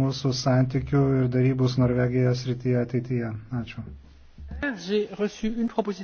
mūsų santykių ir darybų su Norvegija srityje ateityje. Ačiū.